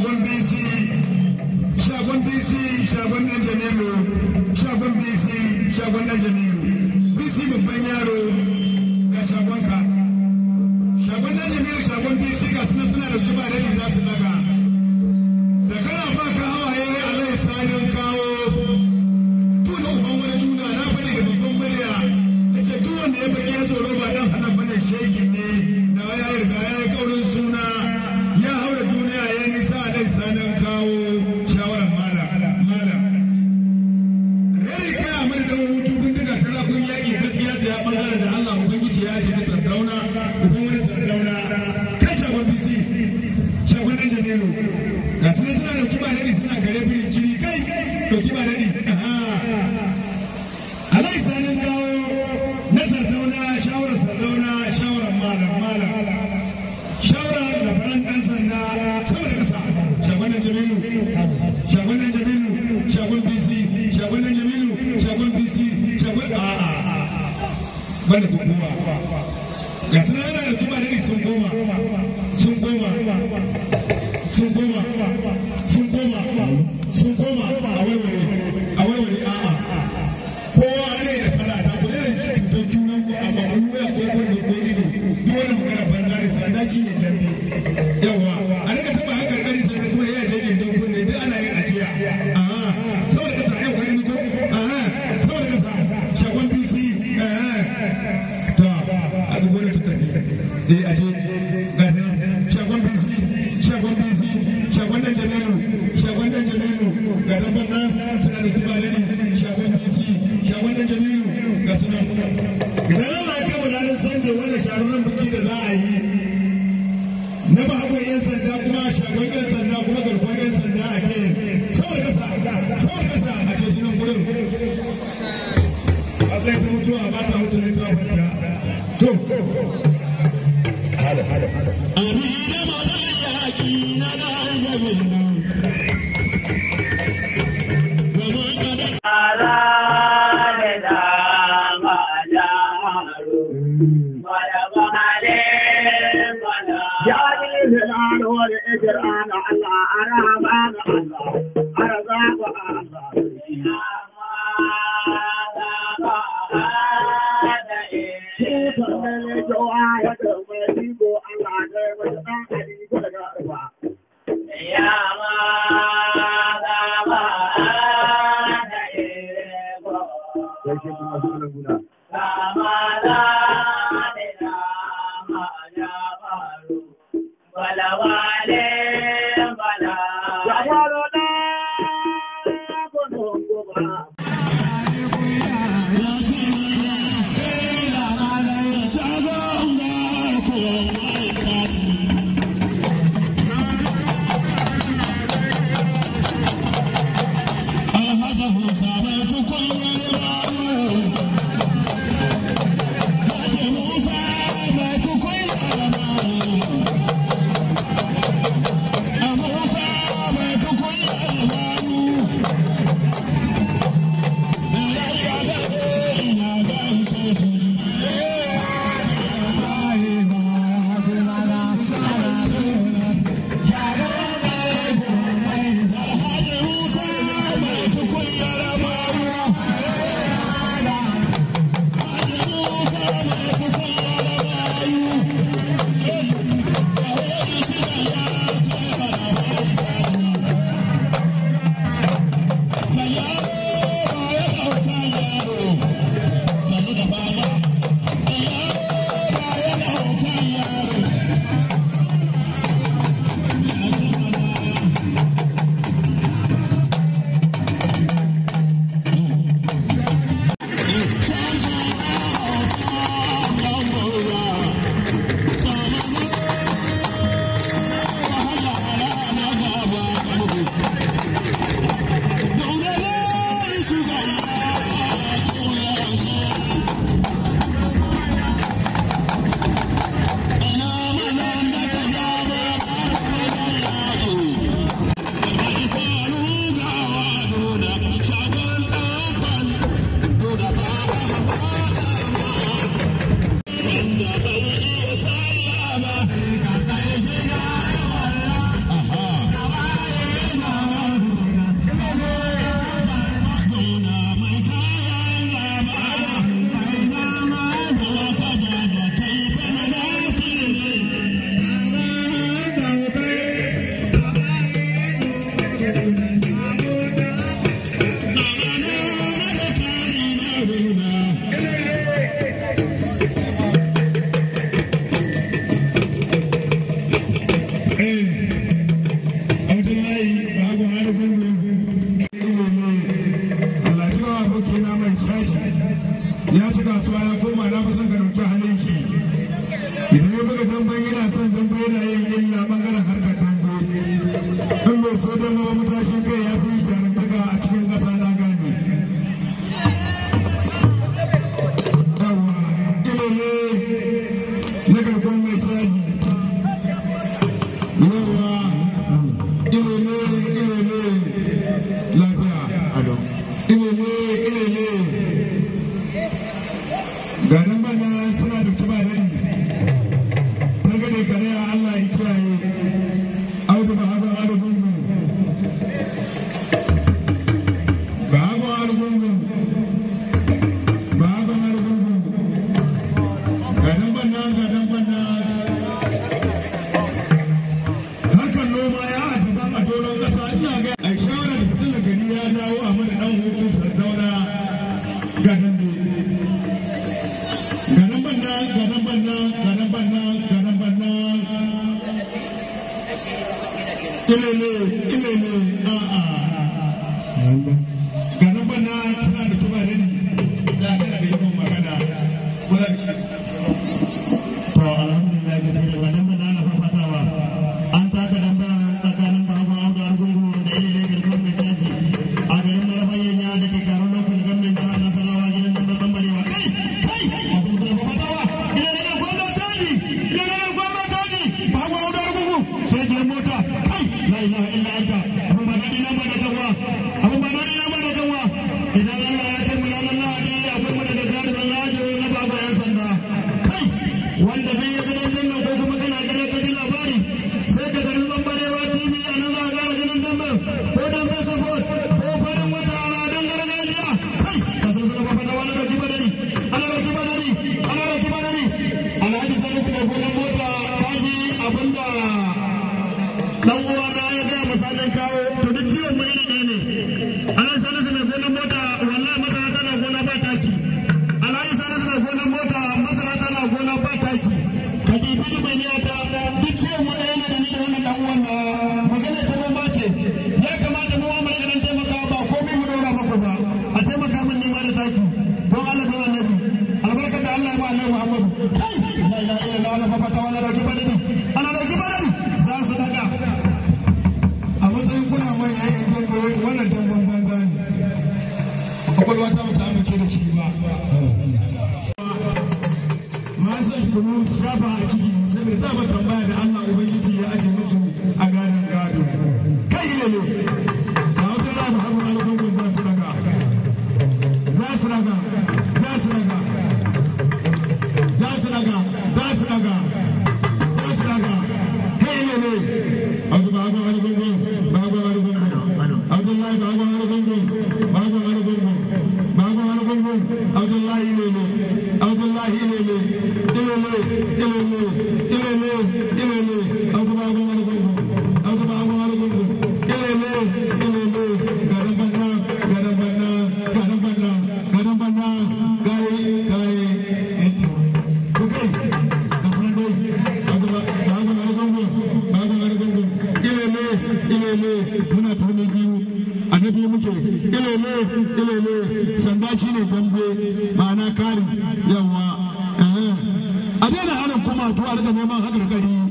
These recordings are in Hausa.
Villa not be b a n a bubuwa ga Yeah. Thank you. mai tsaba tambaya da Allah Ubangiji ya aje musu a gadon gado. Kai ilele, da wata rabu har wani alfangon za su raga, za su raga, za su raga, za su raga, za su raga, za su raga, kai ilele. Abu ba abu alfangon, ba abu alfangon, Abdullahi ba abu alfangon, ba abu alfangon, ba abu alfangon, Abdullahi ilele, Abdullahi ilele, ilele, ne. lele sanda shi ne dambe ma'ana kari yawa a daina hana kuma tuwa da neman haka da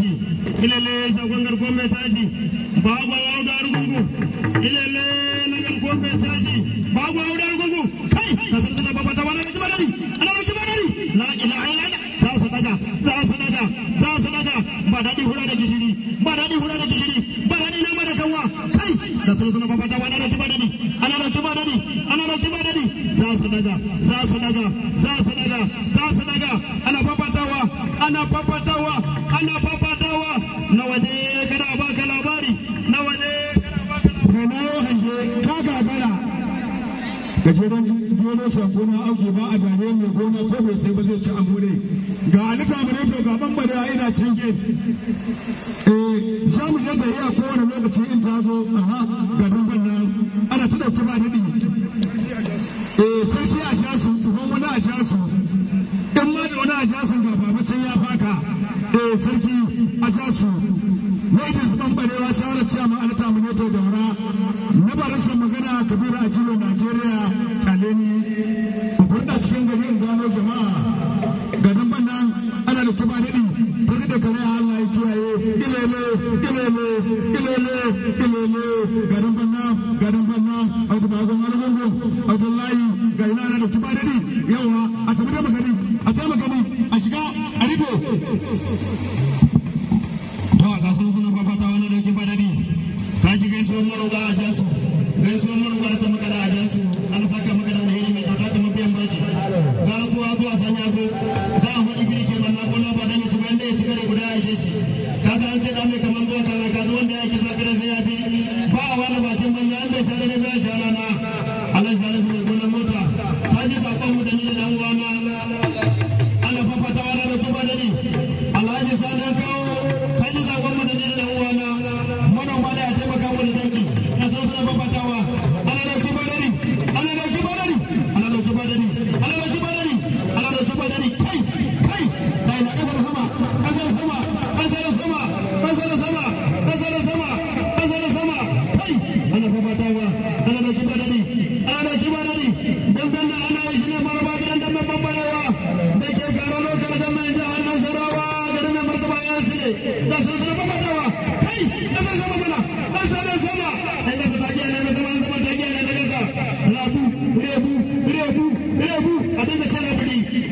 tashi ilele shagon garkon mai tashi bago auda rugungu ilele na garkon mai tashi bago auda rugungu kai ka san da baba ta wani ji madari ana ji madari la ilaha illa za su daga za su daga za su daga ba dadi hura da gishiri ba dadi hura da gishiri ba dadi na mara kanwa kai ka san da baba ta wani ji ana ji madari ana ji madari za su daga za su daga za su daga za su daga ana fafatawa ana fafatawa ana gajeren gero shambo gona auki ba a gane ne gona ko bai sai ba zai ci abu ne ga alita bare to ga ban bare ina cin gate eh za mu je da iya kowane lokaci in ta zo aha ga dan nan ana ta dauke ba daɗi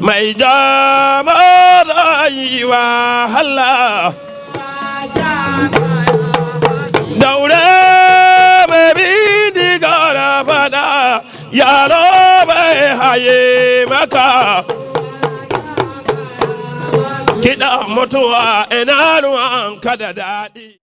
mai jama rayuwa halla daure mai bindiga na fada yaro mai haye maka kiɗa mutuwa ina ruwan ka da daɗi